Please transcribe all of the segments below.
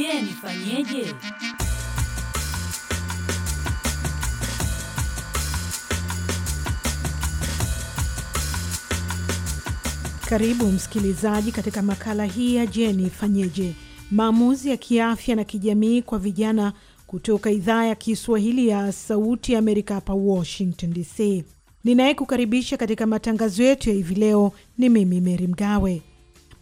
Je, nifanyeje? Karibu msikilizaji katika makala hii ya Je, nifanyeje? Maamuzi ya kiafya na kijamii kwa vijana kutoka idhaa ya Kiswahili ya Sauti ya Amerika hapa Washington DC. Ninayekukaribisha katika matangazo yetu ya hivi leo ni mimi Meri Mgawe.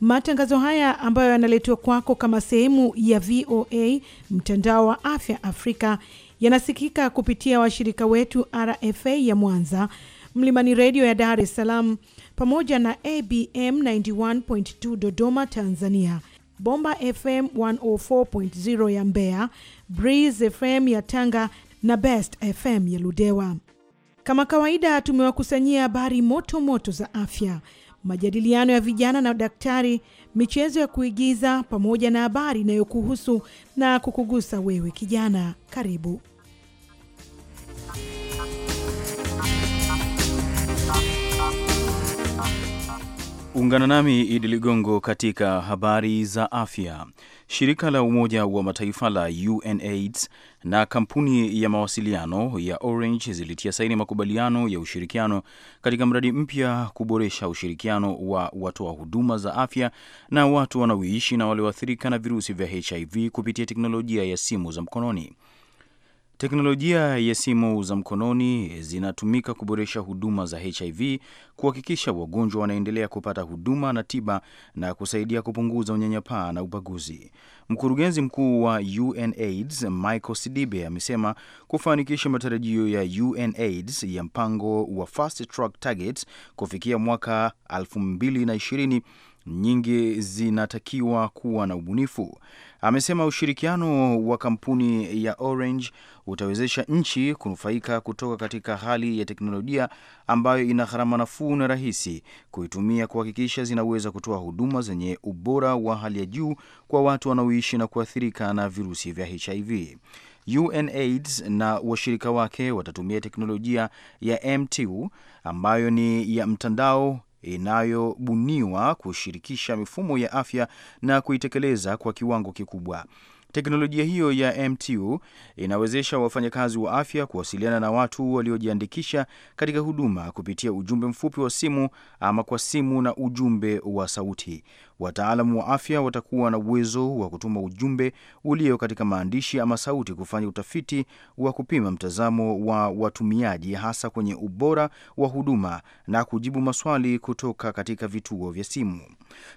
Matangazo haya ambayo yanaletwa kwako kama sehemu ya VOA mtandao wa afya Afrika yanasikika kupitia washirika wetu RFA ya Mwanza, Mlimani Redio ya Dar es Salaam, pamoja na ABM 91.2 Dodoma, Tanzania, Bomba FM 104.0 ya Mbeya, Breeze FM ya Tanga na Best FM ya Ludewa. Kama kawaida, tumewakusanyia habari moto moto za afya majadiliano ya vijana na daktari, michezo ya kuigiza pamoja na habari inayokuhusu na kukugusa wewe kijana. Karibu. Ungana nami Idi Ligongo katika habari za afya. Shirika la Umoja wa Mataifa la UNAIDS na kampuni ya mawasiliano ya Orange zilitia saini makubaliano ya ushirikiano katika mradi mpya kuboresha ushirikiano wa watoa wa huduma za afya na watu wanaoishi na walioathirika na virusi vya HIV kupitia teknolojia ya simu za mkononi. Teknolojia ya simu za mkononi zinatumika kuboresha huduma za HIV, kuhakikisha wagonjwa wanaendelea kupata huduma na tiba na kusaidia kupunguza unyanyapaa na ubaguzi. Mkurugenzi mkuu wa UNAIDS Michael Sidibe amesema kufanikisha matarajio ya UNAIDS ya mpango wa Fast Track target kufikia mwaka 2020 nyingi zinatakiwa kuwa na ubunifu. Amesema ushirikiano wa kampuni ya Orange utawezesha nchi kunufaika kutoka katika hali ya teknolojia ambayo ina gharama nafuu na rahisi kuitumia, kuhakikisha zinaweza kutoa huduma zenye ubora wa hali ya juu kwa watu wanaoishi na kuathirika na virusi vya HIV. UNAIDS na washirika wake watatumia teknolojia ya MTU ambayo ni ya mtandao inayobuniwa kushirikisha mifumo ya afya na kuitekeleza kwa kiwango kikubwa. Teknolojia hiyo ya MTU inawezesha wafanyakazi wa afya kuwasiliana na watu waliojiandikisha katika huduma kupitia ujumbe mfupi wa simu ama kwa simu na ujumbe wa sauti. Wataalamu wa afya watakuwa na uwezo wa kutuma ujumbe ulio katika maandishi ama sauti, kufanya utafiti wa kupima mtazamo wa watumiaji, hasa kwenye ubora wa huduma na kujibu maswali kutoka katika vituo vya simu.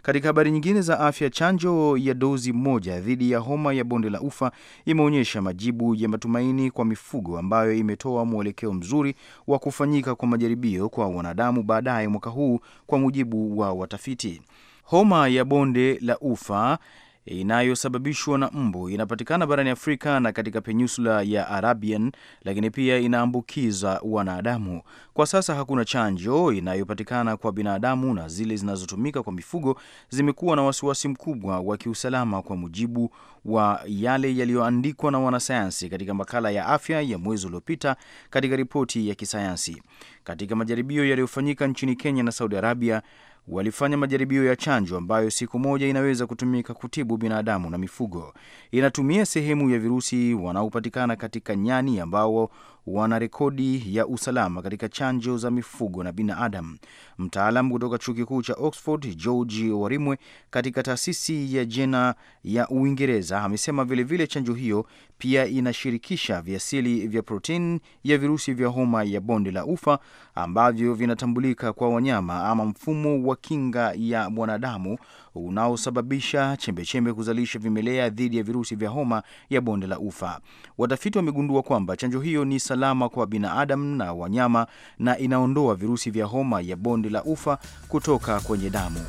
Katika habari nyingine za afya, chanjo ya dozi moja dhidi ya homa ya ya bonde la ufa imeonyesha majibu ya matumaini kwa mifugo ambayo imetoa mwelekeo mzuri wa kufanyika kwa majaribio kwa wanadamu baadaye mwaka huu, kwa mujibu wa watafiti. Homa ya bonde la ufa inayosababishwa na mbu inapatikana barani Afrika na katika peninsula ya Arabian, lakini pia inaambukiza wanadamu. Kwa sasa hakuna chanjo inayopatikana kwa binadamu na zile zinazotumika kwa mifugo zimekuwa na wasiwasi mkubwa wa kiusalama, kwa mujibu wa yale yaliyoandikwa na wanasayansi katika makala ya afya ya mwezi uliopita katika ripoti ya kisayansi. Katika majaribio yaliyofanyika nchini Kenya na Saudi Arabia walifanya majaribio ya chanjo ambayo siku moja inaweza kutumika kutibu binadamu na mifugo. Inatumia sehemu ya virusi wanaopatikana katika nyani ambao wana rekodi ya usalama katika chanjo za mifugo na binadamu. mtaalam kutoka chuo kikuu cha Oxford George Warimwe katika taasisi ya Jena ya Uingereza amesema vilevile chanjo hiyo pia inashirikisha viasili vya protein ya virusi vya homa ya bonde la ufa ambavyo vinatambulika kwa wanyama ama mfumo wa kinga ya mwanadamu unaosababisha chembechembe kuzalisha vimelea dhidi ya virusi vya homa ya bonde la ufa. Watafiti wamegundua kwamba chanjo hiyo ni salama kwa binadamu na wanyama na inaondoa virusi vya homa ya bonde la ufa kutoka kwenye damu.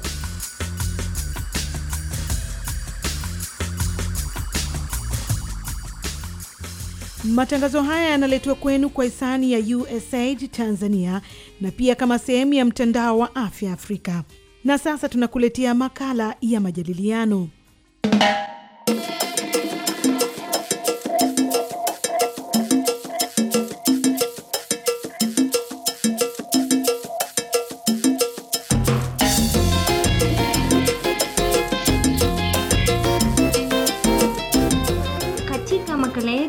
Matangazo haya yanaletwa kwenu kwa hisani ya USAID Tanzania na pia kama sehemu ya mtandao wa afya Afrika. Na sasa tunakuletea makala ya majadiliano.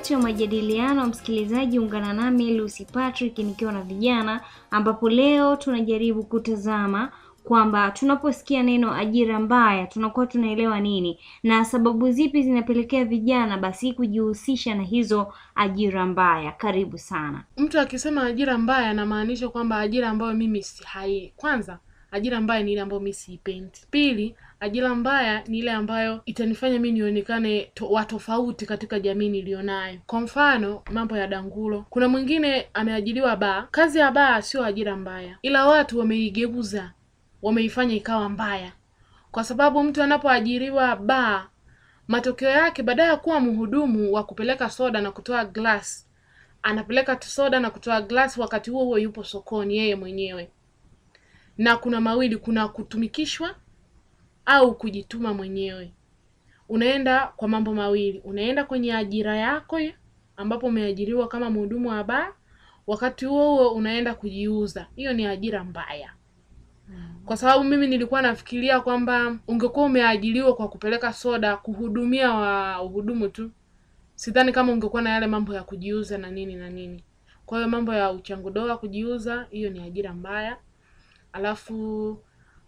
ya majadiliano, msikilizaji, ungana nami Lucy Patrick nikiwa na vijana, ambapo leo tunajaribu kutazama kwamba tunaposikia neno ajira mbaya tunakuwa tunaelewa nini na sababu zipi zinapelekea vijana basi kujihusisha na hizo ajira mbaya. Karibu sana. Mtu akisema ajira mbaya anamaanisha kwamba ajira ambayo mimi sihai. Kwanza, ajira mbaya ni ile ambayo mimi siipendi. Pili, ajira mbaya ni ile ambayo itanifanya mi nionekane to, wa tofauti katika jamii niliyonayo. Kwa mfano mambo ya dangulo, kuna mwingine ameajiriwa baa. Kazi ya baa sio ajira mbaya, ila watu wameigeuza wameifanya ikawa mbaya, kwa sababu mtu anapoajiriwa baa, matokeo yake baadaye ya kuwa mhudumu wa kupeleka soda na kutoa glass, anapeleka soda na kutoa glass, wakati huo huo yupo sokoni yeye mwenyewe. Na kuna mawili, kuna kutumikishwa au kujituma mwenyewe. Unaenda kwa mambo mawili, unaenda kwenye ajira yako ambapo umeajiriwa kama mhudumu wa baa, wakati huo huo unaenda kujiuza. Hiyo ni ajira mbaya kwa sababu mimi nilikuwa nafikiria kwamba ungekuwa umeajiliwa kwa kupeleka soda kuhudumia wa uhudumu tu, sidhani kama ungekuwa na yale mambo ya kujiuza na nini na nini. Kwa hiyo mambo ya uchangudoa, kujiuza, hiyo ni ajira mbaya. Alafu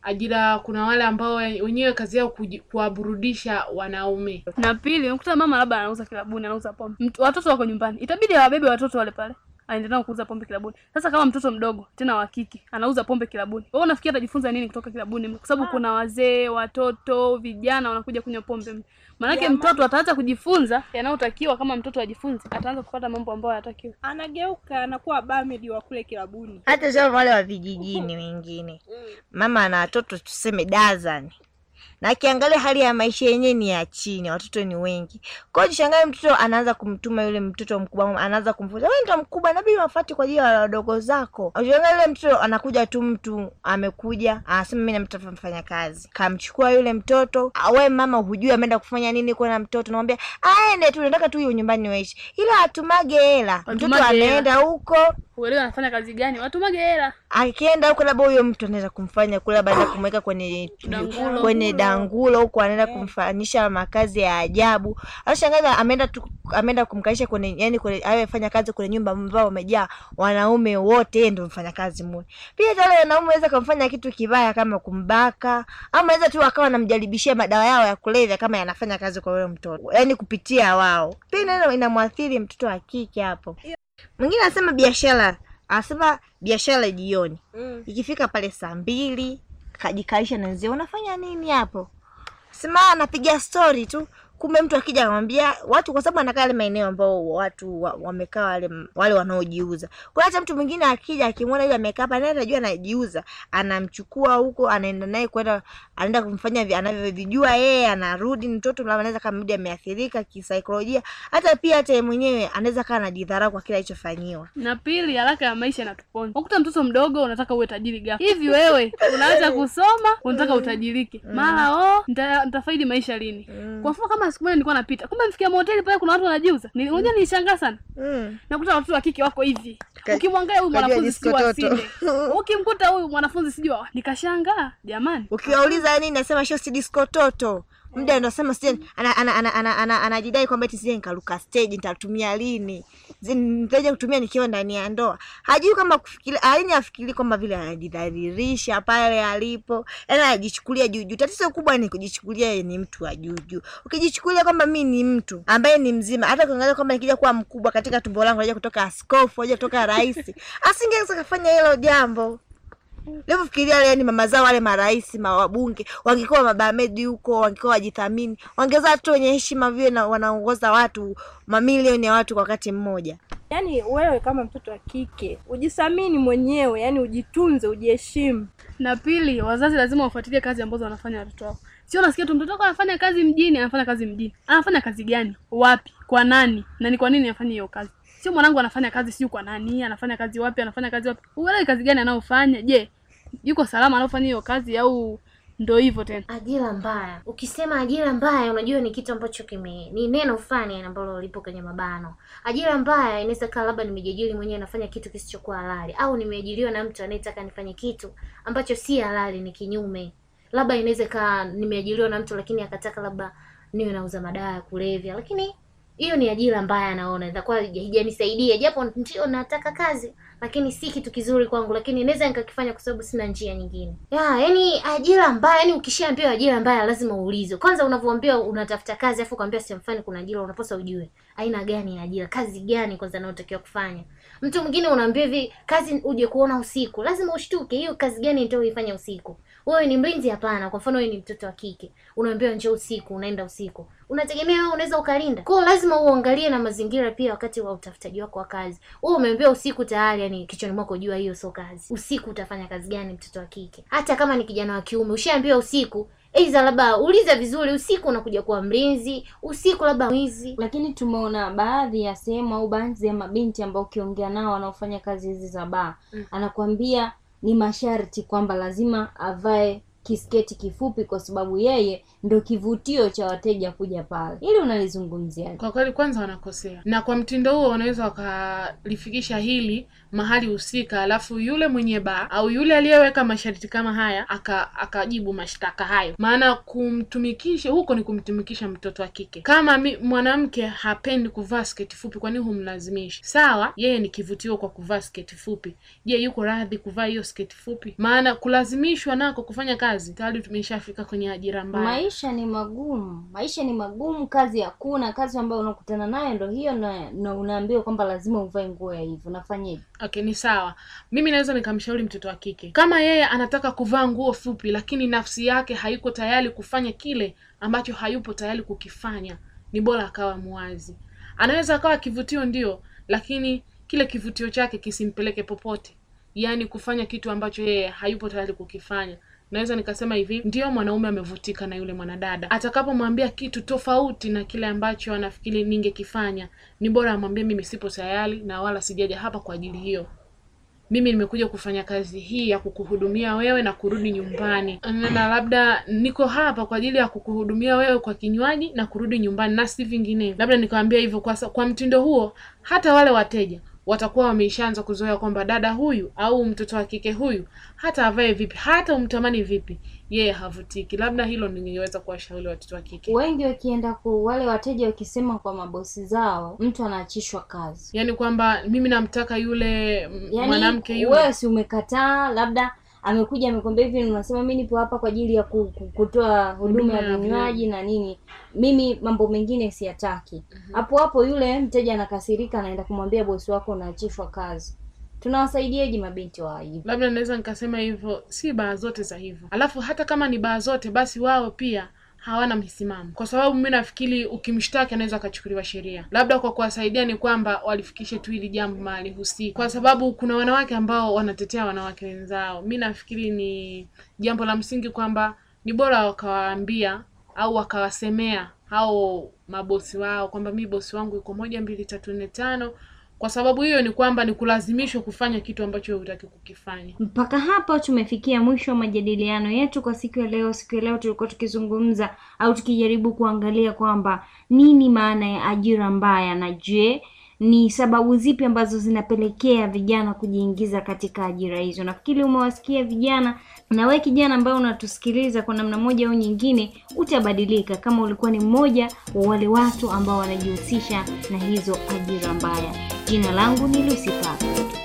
ajira kuna wale ambao wenyewe kazi yao kuwaburudisha wanaume. Na pili, unakuta mama labda anauza kilabuni, anauza pombe, watoto wako nyumbani, itabidi awabebe watoto wale pale anaendelea kuuza pombe kilabuni. Sasa kama mtoto mdogo tena wa kike anauza pombe kilabuni, wewe unafikiri atajifunza nini kutoka kilabuni? Kwa sababu ah. kuna wazee, watoto, vijana wanakuja kunywa pombe. Maanake mtoto ataanza kujifunza yanayotakiwa. Kama mtoto ajifunze, ataanza kupata mambo ambayo anatakiwa, anageuka anakuwa bamedi wa kule kilabuni, hata sio wale wa vijijini. Wengine mm. mama ana watoto tuseme dazani na akiangalia hali ya maisha yenyewe ni ya chini, watoto ni wengi. Kwa hiyo jishangae, mtoto anaanza kumtuma yule mtoto mkubwa, anaanza kumfunza wewe ndio mkubwa, inabidi wafuate kwa ajili ya wadogo zako. Jishangae yule mtoto anakuja tu, mtu amekuja anasema mimi namtafuta mfanyakazi, kamchukua yule mtoto. Awe ah, mama, hujui ameenda kufanya nini kwa na mtoto, namwambia aende tu, nataka tu hiyo nyumbani waishi, ila atumage hela. Mtoto anaenda huko Uelewa anafanya kazi gani? Watu mage hela. Akienda huko labda huyo mtu anaweza kumfanya kula baada ya kumweka kwenye kwenye dangulo mm. huko anaenda mm. kumfanyisha makazi ya ajabu. Anashangaza ameenda tu, ameenda kumkalisha kwenye yani kwenye awe fanya kazi kwenye nyumba ambayo wamejaa wanaume wote, yeye ndio mfanya kazi mmoja. Pia wale wanaume waweza kumfanya kitu kibaya kama kumbaka ama waweza tu akawa anamjaribishia madawa yao ya kulevya kama yanafanya kazi kwa yule mtoto. Yaani kupitia wao. Pia neno inamwathiri mtoto wa kike hapo. Mwingine anasema biashara, anasema biashara jioni. Mm. Ikifika pale saa mbili kajikaisha nanzie, unafanya nini hapo? Sema anapiga stori tu, kumbe mtu akija anamwambia watu, kwa sababu anakaa yale maeneo ambao watu wamekaa wa wale wale wanaojiuza. Kwa hiyo hata mtu mwingine akija akimwona yule amekaa hapa, naye anajua anajiuza, anamchukua huko, anaenda naye kwenda, anaenda kumfanya anavyovijua yeye, anarudi. Mtoto labda anaweza kama mudi ameathirika kisaikolojia, hata pia hata yeye mwenyewe anaweza kaa anajidharau kwa kila alichofanyiwa. Na pili, haraka ya maisha inatuponya. Ukuta mtoto mdogo unataka uwe tajiri ghafla hivi, wewe unaanza kusoma unataka utajirike mm. mara, oh nitafaidi maisha lini? Mm. Kwa mfano kama kama siku moja nilikuwa napita, kumbe mfikia moteli pale kuna watu wanajiuza. Nilikuja mm. nilishangaa sana mm. nakuta watoto wa kike wako hivi, ukimwangalia huyu mwanafunzi si wa sile, ukimkuta huyu mwanafunzi sijui, nikashangaa jamani. Ukiwauliza nini, yaani, nasema sio si diskototo muda ndo sema sije anajidai kwamba eti sije nikaruka stage nitatumia lini nitaje kutumia nikiwa ndani ya ndoa hajui kama kufikiri alini afikiri kwamba vile anajidhalilisha pale alipo yani anajichukulia juu juu tatizo kubwa ni kujichukulia yeye ni mtu wa juu juu ukijichukulia kwamba mimi ni mtu ambaye ni mzima hata kuangalia kwamba nikija kuwa mkubwa katika tumbo langu naja kutoka askofu naja kutoka rais asingeweza kufanya hilo jambo leo ni mama zao wale marais mawabunge wangekuwa mabamedi huko, wangekuwa wajithamini, wangeza watoto wenye heshima vile, na wanaongoza watu mamilioni ya watu kwa wakati mmoja. Yaani wewe kama mtoto wa kike ujithamini mwenyewe, yani ujitunze, ujiheshimu. Na pili, wazazi lazima wafuatilie kazi ambazo wanafanya watoto wao. Sio nasikia tu mtoto wako anafanya kazi mjini, anafanya kazi mjini, anafanya kazi gani, wapi, kwa nani, na ni kwa nini afanye hiyo kazi? sio mwanangu anafanya kazi sio kwa nani, anafanya kazi wapi, anafanya kazi wapi, uelewi kazi gani anaofanya? Je, yuko salama anaofanya hiyo kazi au ndo hivyo tena? Ajira mbaya. Ukisema ajira mbaya, unajua ni kitu ambacho kime ni neno fulani ambalo lipo kwenye mabano. Ajira mbaya inaweza kaa labda nimejiajiri mwenyewe nafanya kitu kisichokuwa halali, au nimeajiriwa na mtu anayetaka nifanye kitu ambacho si halali, ni kinyume. Labda inaweza kaa nimeajiriwa na mtu lakini akataka labda niwe nauza madawa ya kulevya, lakini hiyo ni ajira mbaya, naona itakuwa haijanisaidia, japo ndio nataka kazi, lakini si kitu kizuri kwangu, lakini naweza nikakifanya kwa sababu sina njia nyingine. Ya, yani ajira mbaya, yani ukishaambiwa ajira mbaya lazima uulize. kwanza. Unavyoambiwa unatafuta kazi afu ukaambiwa sehemu fulani kuna ajira, unaposa ujue aina gani ya ajira, kazi gani kwanza naotakiwa kufanya. Mtu mwingine unaambiwa hivi kazi uje kuona usiku, lazima ushtuke, hiyo kazi gani ndio uifanye usiku? wewe ni mlinzi? Hapana. Kwa mfano wewe ni mtoto wa kike, unaambiwa njoo usiku, unaenda usiku, unategemea wewe unaweza ukalinda? Kwa lazima uangalie na mazingira pia, wakati wa utafutaji wako wa kazi. Wewe umeambiwa usiku tayari, yani kichwani mwako jua hiyo sio kazi. Usiku utafanya kazi gani, mtoto wa kike? Hata kama ni kijana wa kiume, ushaambiwa usiku Aidha labda uliza vizuri, usiku unakuja kuwa mlinzi, usiku labda mwizi. Lakini tumeona baadhi ya sehemu au baadhi ya mabinti ambao ukiongea nao wanaofanya kazi hizi za baa mm, anakuambia ni masharti kwamba lazima avae kisketi kifupi kwa sababu yeye ndo kivutio cha wateja kuja pale. Ili unalizungumziaje? Kwa kweli, kwanza wanakosea, na kwa mtindo huo wanaweza wakalifikisha hili mahali husika, alafu yule mwenye baa au yule aliyeweka masharti kama haya akajibu aka mashtaka hayo. Maana kumtumikisha huko ni kumtumikisha mtoto wa kike. Kama mwanamke hapendi kuvaa sketi fupi, kwani humlazimishi? Sawa, yeye ni kivutio kwa kuvaa sketi fupi. Je, yuko radhi kuvaa hiyo sketi fupi? Maana kulazimishwa nako kufanya kazi, tayari tumeshafika kwenye ajira mbaya. Maisha ni magumu, maisha ni magumu, kazi hakuna. Kazi ambayo unakutana nayo ndo hiyo, na, na unaambiwa kwamba lazima uvae nguo ya hivyo, nafanyaje? Okay, ni sawa. Mimi naweza nikamshauri mtoto wa kike kama yeye anataka kuvaa nguo fupi, lakini nafsi yake haiko tayari kufanya kile ambacho hayupo tayari kukifanya, ni bora akawa muwazi Anaweza akawa kivutio ndio, lakini kile kivutio chake kisimpeleke popote, yaani kufanya kitu ambacho yeye hayupo tayari kukifanya naweza nikasema hivi, ndiyo mwanaume amevutika na yule mwanadada. Atakapomwambia kitu tofauti na kile ambacho anafikiri ningekifanya, ni bora amwambie, mimi sipo tayari na wala sijaja hapa kwa ajili hiyo mimi nimekuja kufanya kazi hii ya kukuhudumia wewe na kurudi nyumbani, na labda niko hapa kwa ajili ya kukuhudumia wewe kwa kinywaji na kurudi nyumbani, na si vingine Labda nikawambia hivyo. Kwa, kwa mtindo huo hata wale wateja watakuwa wameishaanza kuzoea kwamba dada huyu au mtoto wa kike huyu hata avae vipi, hata umtamani vipi, yeye havutiki. Labda hilo ningeweza kuwashauri watoto wa kike wengi. Wakienda ku wale wateja wakisema kwa mabosi zao, mtu anaachishwa kazi, yani kwamba mimi namtaka yule yani, mwanamke yule. Wewe si umekataa labda amekuja amekwambia hivi, unasema mi nipo hapa kwa ajili ya kutoa huduma ya vinywaji na nini, mimi mambo mengine siyataki. Mhm. Hapo hapo yule mteja anakasirika, anaenda kumwambia bosi wako unaachishwa kazi. Tunawasaidiaje mabinti wa hivi? Labda naweza nikasema hivyo, si baa zote za hivyo, alafu hata kama ni baa zote, basi wao pia hawana msimamo, kwa sababu mi nafikiri ukimshtaki anaweza akachukuliwa sheria. Labda kwa kuwasaidia ni kwamba walifikishe tu hili jambo mahali husika, kwa sababu kuna wanawake ambao wanatetea wanawake wenzao. Mi nafikiri ni jambo la msingi kwamba ni bora wakawaambia au wakawasemea hao mabosi wao kwamba mi bosi wangu yuko moja mbili tatu nne tano kwa sababu hiyo ni kwamba ni kulazimishwa kufanya kitu ambacho hutaki kukifanya. Mpaka hapo tumefikia mwisho wa majadiliano yetu kwa siku ya leo. Siku ya leo tulikuwa tukizungumza au tukijaribu kuangalia kwamba nini maana ya ajira mbaya na je ni sababu zipi ambazo zinapelekea vijana kujiingiza katika ajira hizo. Nafikiri umewasikia vijana, na wewe kijana ambaye unatusikiliza kwa namna moja au nyingine utabadilika kama ulikuwa ni mmoja wa wale watu ambao wanajihusisha na hizo ajira mbaya. Jina langu ni Lucy Pape.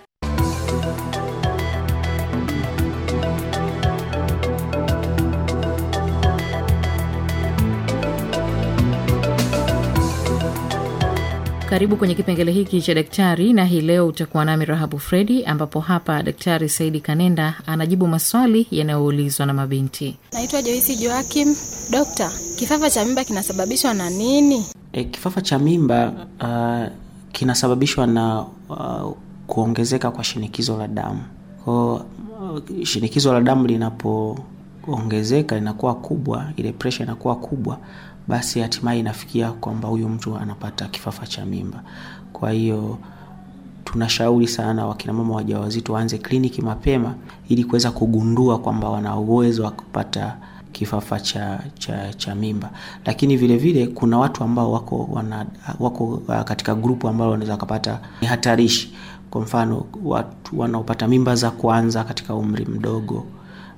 Karibu kwenye kipengele hiki cha daktari, na hii leo utakuwa nami Rahabu Fredi, ambapo hapa Daktari Saidi Kanenda anajibu maswali yanayoulizwa na mabinti. Naitwa Joisi Joakim. Dokta, kifafa cha mimba kinasababishwa na nini? E, kifafa cha mimba uh, kinasababishwa na uh, kuongezeka kwa shinikizo la damu. uh, shinikizo la damu linapoongezeka linakuwa kubwa, ile presha inakuwa kubwa basi hatimaye inafikia kwamba huyu mtu anapata kifafa cha mimba. Kwa hiyo tunashauri sana wakinamama wajawazito waanze kliniki mapema ili kuweza kugundua kwamba wana uwezo wa kupata kifafa cha, cha, cha mimba. Lakini vile vile kuna watu ambao wako, wana, wako uh, katika grupu ambao wanaweza wakapata ni hatarishi. Kwa mfano watu wanaopata mimba za kwanza katika umri mdogo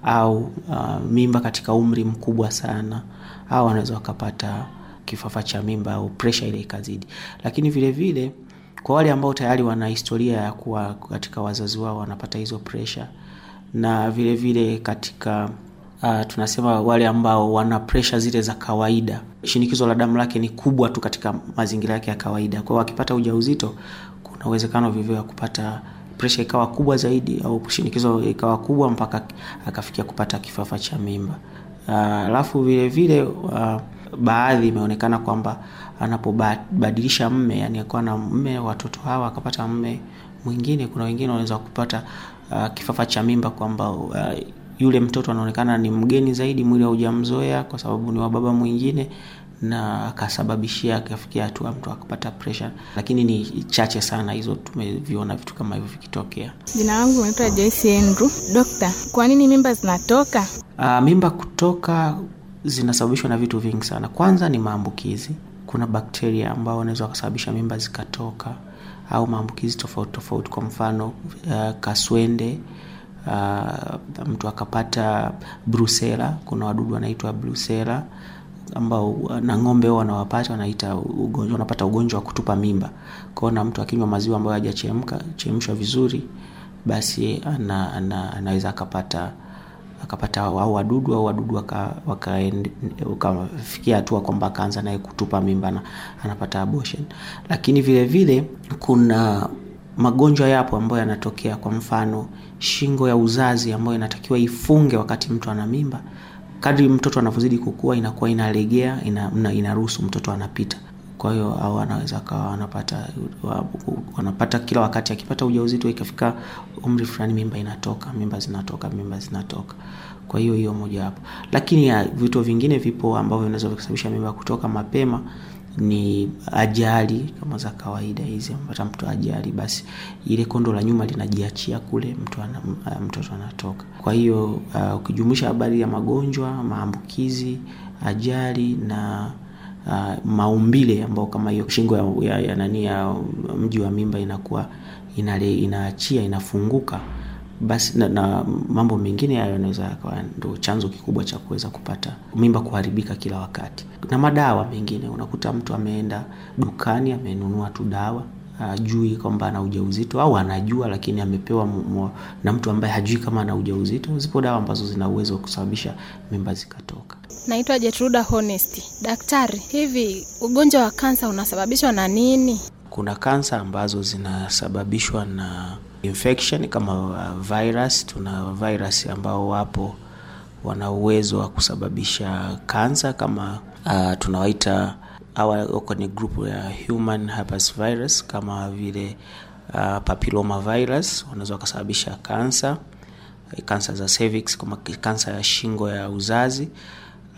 au uh, mimba katika umri mkubwa sana au wanaweza wakapata kifafa cha mimba au presha ile ikazidi. Lakini vile vile kwa wale ambao tayari wana historia ya kuwa katika wazazi wao wanapata hizo presha na vile vile katika uh, tunasema wale ambao wana presha zile za kawaida, shinikizo la damu lake ni kubwa tu katika mazingira yake ya kawaida. kwao wakipata ujauzito, kuna uwezekano vivyo ya kupata presha ikawa kubwa zaidi au shinikizo ikawa kubwa mpaka akafikia kupata kifafa cha mimba. Ah, alafu uh, vile vile uh, baadhi imeonekana kwamba anapobadilisha mme, yani akiwa na mme watoto hawa akapata mme mwingine, kuna wengine wanaweza kupata uh, kifafa cha mimba kwamba uh, yule mtoto anaonekana ni mgeni zaidi, mwili haujamzoea kwa sababu ni wa baba mwingine na akasababishia akafikia hatua mtu akapata presha, lakini ni chache sana hizo, tumeviona vitu kama hivyo vikitokea. Jina langu naitwa Joyce Andrew. Dokta, kwa nini mimba zinatoka? Uh, mimba kutoka zinasababishwa na vitu vingi sana. Kwanza ni maambukizi, kuna bakteria ambao wanaweza wakasababisha mimba zikatoka, au maambukizi tofauti tofauti, kwa mfano uh, kaswende Uh, mtu akapata brusela. Kuna wadudu wanaitwa brusela ambao uh, na ng'ombe huwa wanawapata wanaita ugonjwa, wanapata ugonjwa wa kutupa mimba. Kwa na mtu akinywa maziwa ambayo hajachemka chemshwa vizuri, basi ana, ana, anaweza akapata akapata au wadudu au wadudu wakafikia hatua kwamba akaanza naye kutupa mimba na anapata abortion. Lakini vile vile kuna magonjwa yapo ambayo yanatokea, kwa mfano shingo ya uzazi ambayo inatakiwa ifunge wakati mtu ana mimba, kadri mtoto anavyozidi kukua inakuwa inalegea ina, inaruhusu mtoto anapita kwa hiyo au anaweza akawa anapata wanapata kila wakati akipata ujauzito ikafika umri fulani mimba inatoka mimba zinatoka mimba zinatoka kwa hiyo hiyo mojawapo lakini ya, vitu vingine vipo ambavyo vinaweza kusababisha mimba kutoka mapema ni ajali kama za kawaida hizi amepata mtu ajali, basi ile kondo la nyuma linajiachia kule, mtu ana, mtoto anatoka. Kwa hiyo uh, ukijumuisha habari ya magonjwa, maambukizi, ajali na uh, maumbile ambayo kama hiyo shingo ya, ya, ya nani ya mji wa mimba inakuwa inale, inaachia inafunguka basi na, na mambo mengine hayo yanaweza yakawa ndo chanzo kikubwa cha kuweza kupata mimba kuharibika kila wakati. Na madawa mengine, unakuta mtu ameenda dukani amenunua tu dawa ajui kwamba ana ujauzito au anajua lakini amepewa na mtu ambaye hajui kama ana ujauzito. Zipo dawa ambazo zina uwezo wa kusababisha mimba zikatoka. Naitwa Jetruda Honesti. Daktari, hivi ugonjwa wa kansa unasababishwa na nini? Kuna kansa ambazo zinasababishwa na infection kama uh, virus. Tuna virus ambao wapo wana uwezo wa kusababisha kansa kama uh, tunawaita hawa wako ni grupu ya human herpes virus kama vile uh, papilloma virus wanaweza wakasababisha kansa, kansa za cervix kama kansa ya shingo ya uzazi,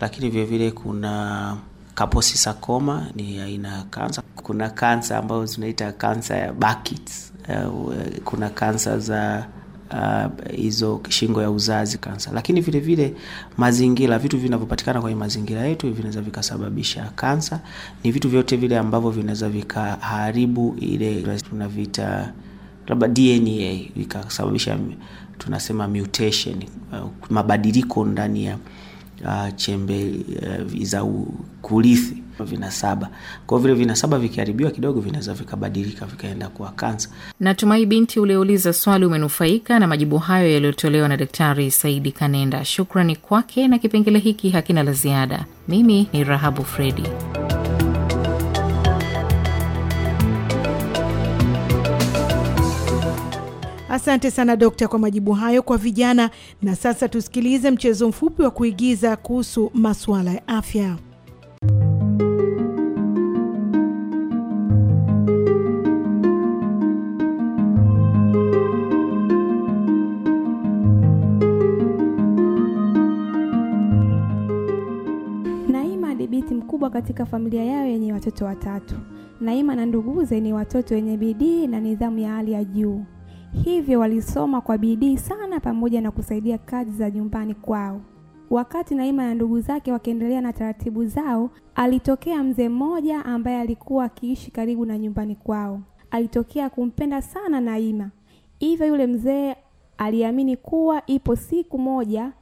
lakini vilevile kuna Kaposi sarcoma ni aina ya kansa. Kuna kansa ambazo zinaita kansa ya buckets, uh, kuna kansa za eh, hizo uh, shingo ya uzazi kansa, lakini vile vile mazingira, vitu vinavyopatikana kwenye mazingira yetu vinaweza vikasababisha kansa. Ni vitu vyote vile ambavyo vinaweza vikaharibu ile tunaviita labda DNA, vikasababisha tunasema mutation, uh, mabadiliko ndani ya uh, chembe uh, za kurithi vinasaba. Kwa vile vinasaba vikiharibiwa kidogo vinaweza vikabadilika vikaenda kuwa kansa. Natumai binti uliouliza swali umenufaika na majibu hayo yaliyotolewa na Daktari Saidi Kanenda. Shukrani kwake, na kipengele hiki hakina la ziada. Mimi ni Rahabu Fredi. Asante sana dokta kwa majibu hayo kwa vijana. Na sasa tusikilize mchezo mfupi wa kuigiza kuhusu masuala ya afya. Naima mkubwa katika familia yao yenye watoto watatu. Naima na nduguze ni watoto wenye bidii na nidhamu ya hali ya juu hivyo walisoma kwa bidii sana pamoja na kusaidia kazi za nyumbani kwao. Wakati Naima na ndugu zake wakiendelea na taratibu zao, alitokea mzee mmoja ambaye alikuwa akiishi karibu na nyumbani kwao. Alitokea kumpenda sana Naima, hivyo yule mzee aliamini kuwa ipo siku moja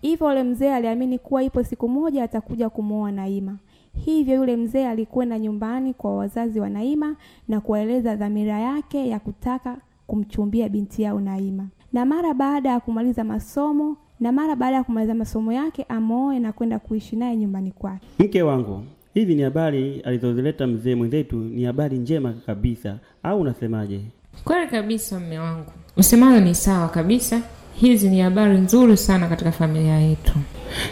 hivyo yule mzee aliamini kuwa ipo siku moja atakuja kumwoa Naima. Hivyo yule mzee alikwenda nyumbani kwa wazazi wa Naima na kuwaeleza dhamira yake ya kutaka kumchumbia binti yao Naima. Na mara baada ya kumaliza masomo na mara baada ya kumaliza masomo yake amoe na kwenda kuishi naye nyumbani kwake. Mke wangu, hivi ni habari alizozileta mzee mwenzetu, ni habari njema kabisa, au unasemaje? Kweli kabisa, mme wangu, msemayo ni sawa kabisa. Hizi ni habari nzuri sana katika familia yetu.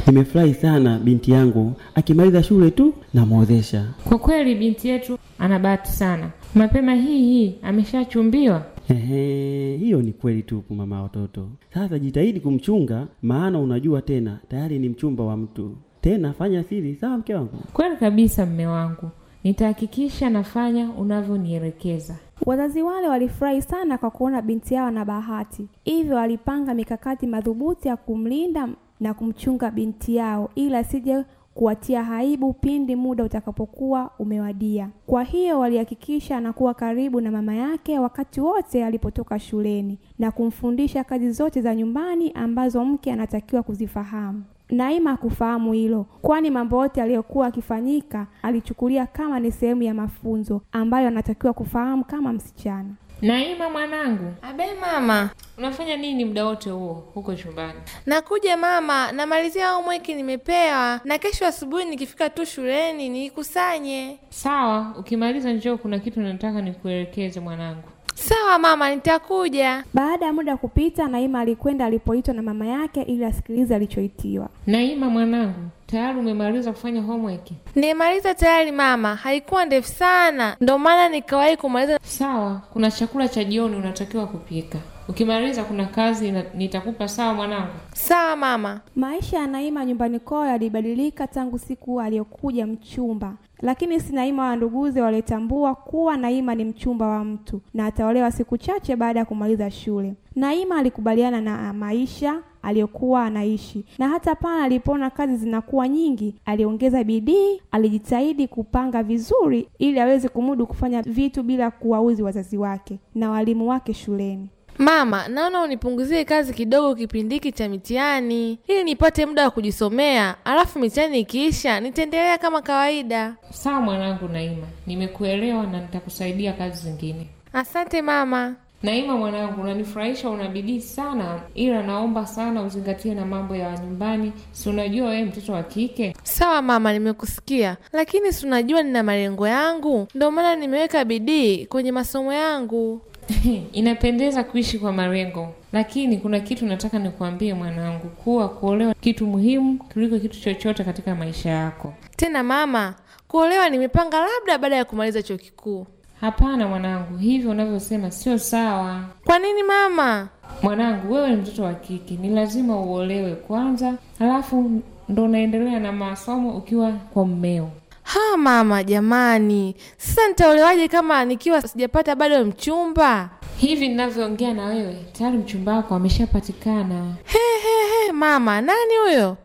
Nimefurahi sana binti yangu akimaliza shule tu namwozesha. Kwa kweli binti yetu ana bahati sana, mapema hii hii ameshachumbiwa Ehe, hiyo ni kweli tupu, mama watoto. Sasa jitahidi kumchunga, maana unajua tena tayari ni mchumba wa mtu. Tena fanya siri, sawa mke wangu? Kweli kabisa, mme wangu, nitahakikisha nafanya unavyonielekeza. Wazazi wale walifurahi sana kwa kuona binti yao na bahati, hivyo walipanga mikakati madhubuti ya kumlinda na kumchunga binti yao ili asije kuwatia haibu pindi muda utakapokuwa umewadia. Kwa hiyo walihakikisha anakuwa karibu na mama yake wakati wote alipotoka shuleni na kumfundisha kazi zote za nyumbani ambazo mke anatakiwa kuzifahamu. Naima hakufahamu hilo, kwani mambo yote aliyokuwa akifanyika alichukulia kama ni sehemu ya mafunzo ambayo anatakiwa kufahamu kama msichana. Naima mwanangu. Abe mama, unafanya nini muda wote huo huko chumbani? Nakuja mama, namalizia homework nimepewa, na kesho asubuhi nikifika tu shuleni niikusanye. Sawa, ukimaliza njoo, kuna kitu nataka nikuelekeze mwanangu. Sawa mama, nitakuja. Baada ya muda kupita, Naima alikwenda alipoitwa na mama yake ili asikilize alichoitiwa. Naima mwanangu, tayari umemaliza kufanya homework? Nimemaliza tayari mama, haikuwa ndefu sana, ndio maana nikawahi kumaliza. Sawa, kuna chakula cha jioni unatakiwa kupika. Ukimaliza kuna kazi nitakupa, sawa mwanangu? Sawa mama. Maisha ya Naima nyumbani kwao yalibadilika tangu siku aliyokuja mchumba, lakini si Naima wa nduguze walitambua kuwa Naima ni mchumba wa mtu na ataolewa siku chache baada ya kumaliza shule. Naima alikubaliana na maisha aliyokuwa anaishi na hata pale alipoona kazi zinakuwa nyingi, aliongeza bidii. Alijitahidi kupanga vizuri ili aweze kumudu kufanya vitu bila kuwauzi wazazi wake na walimu wake shuleni. Mama, naona unipunguzie kazi kidogo kipindi hiki cha mitihani ili nipate muda wa kujisomea, alafu mitihani ikiisha nitaendelea kama kawaida. Sawa mwanangu Naima, nimekuelewa na nitakusaidia kazi zingine. Asante mama. Naima mwanangu, unanifurahisha, una bidii sana, ila naomba sana uzingatie na mambo ya nyumbani, si unajua wewe mtoto wa kike. Sawa mama, nimekusikia, lakini si unajua nina malengo yangu, ndio maana nimeweka bidii kwenye masomo yangu. Inapendeza kuishi kwa malengo, lakini kuna kitu nataka nikuambie mwanangu, kuwa kuolewa kitu muhimu kuliko kitu chochote katika maisha yako. Tena mama, kuolewa nimepanga labda baada ya kumaliza chuo kikuu. Hapana mwanangu, hivyo unavyosema sio sawa. Kwa nini mama? Mwanangu, wewe ni mtoto wa kike, ni lazima uolewe kwanza, halafu ndo unaendelea na masomo ukiwa kwa mmeo. Ha mama, jamani, sasa nitaolewaje kama nikiwa sijapata bado mchumba? Hivi ninavyoongea na wewe tayari mchumba wako ameshapatikana. He, he, he, mama, nani huyo?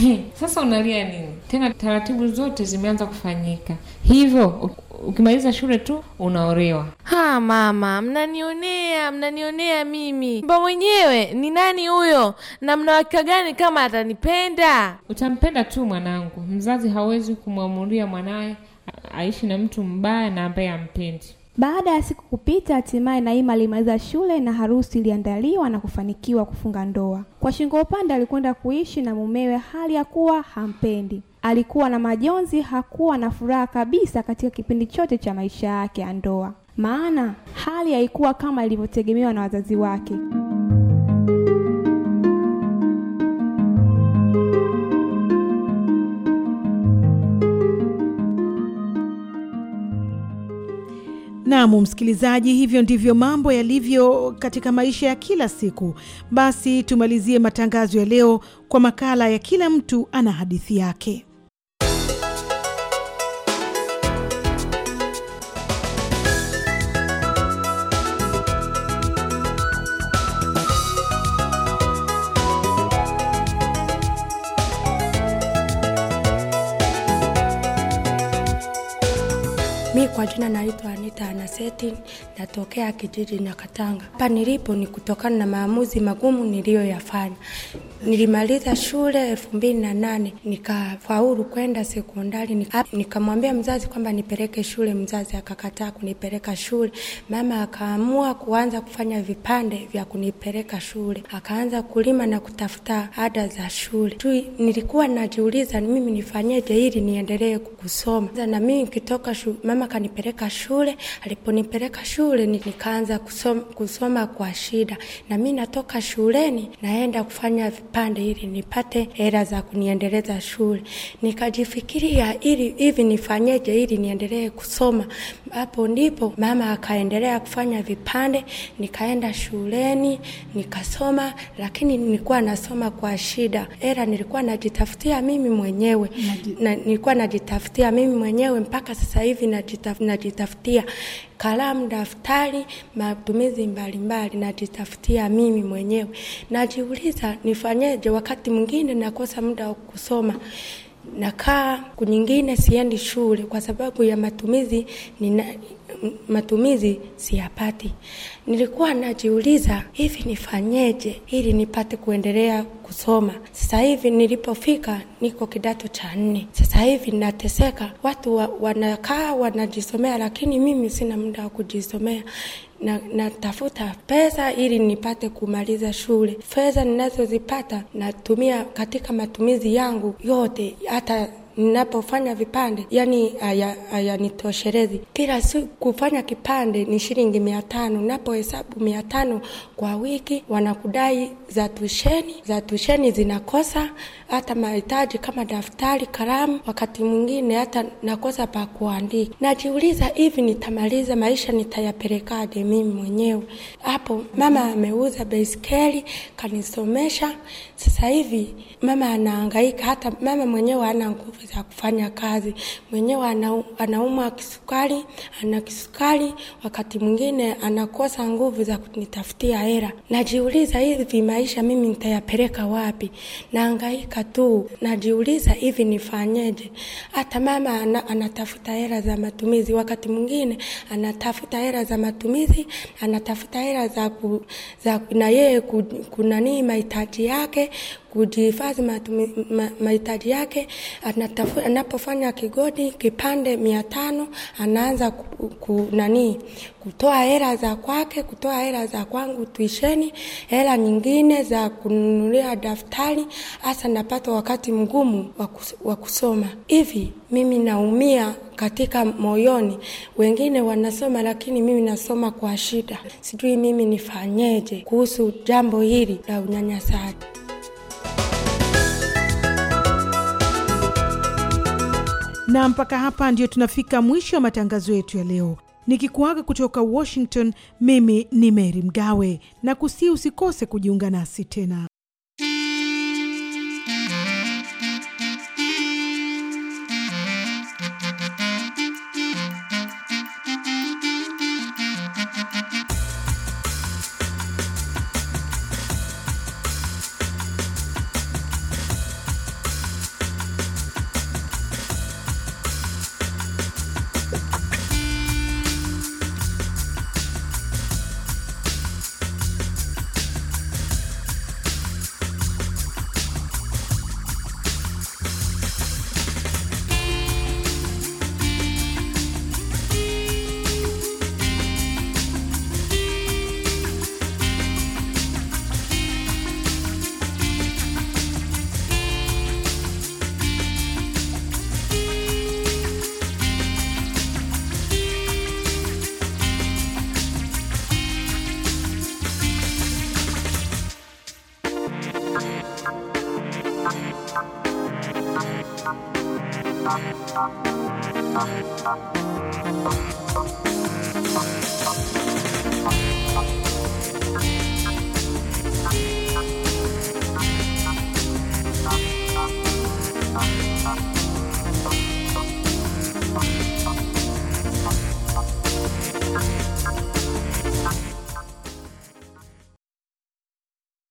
Sasa unalia nini tena? Taratibu zote zimeanza kufanyika hivyo ukimaliza shule tu unaolewa. Ha, mama, mnanionea, mnanionea mimi. Mba mwenyewe ni nani huyo, na mnawakika gani kama atanipenda? Utampenda tu mwanangu. Mzazi hawezi kumwamuria mwanaye aishi na mtu mbaya na ambaye ampendi. Baada ya siku kupita, hatimaye Naima alimaliza shule na harusi iliandaliwa na kufanikiwa kufunga ndoa. Kwa shingo upande alikwenda kuishi na mumewe hali ya kuwa hampendi alikuwa na majonzi, hakuwa na furaha kabisa katika kipindi chote cha maisha yake ya ndoa, maana hali haikuwa kama ilivyotegemewa na wazazi wake. Naam, msikilizaji, hivyo ndivyo mambo yalivyo katika maisha ya kila siku. Basi tumalizie matangazo ya leo kwa makala ya kila mtu ana hadithi yake. majina naitwa Anita Anaseti, natokea kijiji na Katanga. Hapa nilipo ni kutokana na maamuzi magumu niliyoyafanya. Nilimaliza shule elfu mbili na nane nikafaulu kwenda sekondari. Nikamwambia mzazi kwamba nipeleke shule, mzazi akakataa kunipeleka shule. Mama akaamua kuanza kufanya vipande vya kunipeleka shule, akaanza kulima na kutafuta ada za shule tu. Nilikuwa najiuliza mimi nifanyeje ili niendelee kusoma na mimi nikitoka shule, mama kani akanipeleka shule. Aliponipeleka shule nikaanza kusoma, kusoma kwa shida, na mi natoka shuleni naenda kufanya vipande ili nipate hela za kuniendeleza shule. Nikajifikiria ili hivi nifanyeje ili niendelee kusoma. Hapo ndipo mama akaendelea kufanya vipande, nikaenda shuleni nikasoma, lakini nilikuwa nasoma kwa shida. Hela nilikuwa najitafutia mimi mwenyewe na, nilikuwa najitafutia mimi mwenyewe mpaka sasa hivi najitafutia najitafutia kalamu, daftari, matumizi mbalimbali najitafutia mimi mwenyewe. Najiuliza nifanyeje? Wakati mwingine nakosa muda wa kusoma nakaa kunyingine siendi shule kwa sababu ya matumizi nina matumizi siyapati. Nilikuwa najiuliza hivi nifanyeje ili nipate kuendelea kusoma. Sasa hivi nilipofika niko kidato cha nne, sasa hivi nateseka. Watu wa, wanakaa wanajisomea, lakini mimi sina muda wa kujisomea na natafuta pesa ili nipate kumaliza shule. Fedha ninazozipata natumia katika matumizi yangu yote hata ninapofanya vipande yani aya, Kila siku kufanya kipande ni shilingi mia tano. napo hesabu mia tano kwa wiki, wanakudai za tusheni. Za tusheni zinakosa hata mahitaji kama daftari, kalamu, wakati mwingine hata nakosa pa kuandika. Najiuliza, hivi nitamaliza maisha nitayapelekaje mimi mwenyewe? Hapo mama ameuza beiskeli kanisomesha. Sasa hivi mama anaangaika hata mama mwenyewe ana nguvu za kufanya kazi. Mwenyewe anaumwa kisukari, ana kisukari, wakati mwingine anakosa nguvu za kunitafutia hela. Najiuliza, hivi maisha mimi nitayapeleka wapi? Naangaika tu, najiuliza hivi nifanyeje? Hata mama ana, anatafuta hela za matumizi, wakati mwingine anatafuta hela za matumizi, anatafuta hela za, ku, za na yeye kunanii mahitaji yake kujihifadhi mahitaji ma, yake. Anapofanya kigodi kipande mia tano anaanza ku, ku, nani kutoa hela za kwake, kutoa hela za kwangu, tuisheni hela nyingine za kununulia daftari. Hasa napata wakati mgumu wa kusoma hivi, mimi naumia katika moyoni. Wengine wanasoma lakini mimi nasoma kwa shida, sijui mimi nifanyeje kuhusu jambo hili la unyanyasaji. na mpaka hapa ndio tunafika mwisho wa matangazo yetu ya leo, nikikuaga kutoka Washington. Mimi ni mery Mgawe na kusii, usikose kujiunga nasi tena.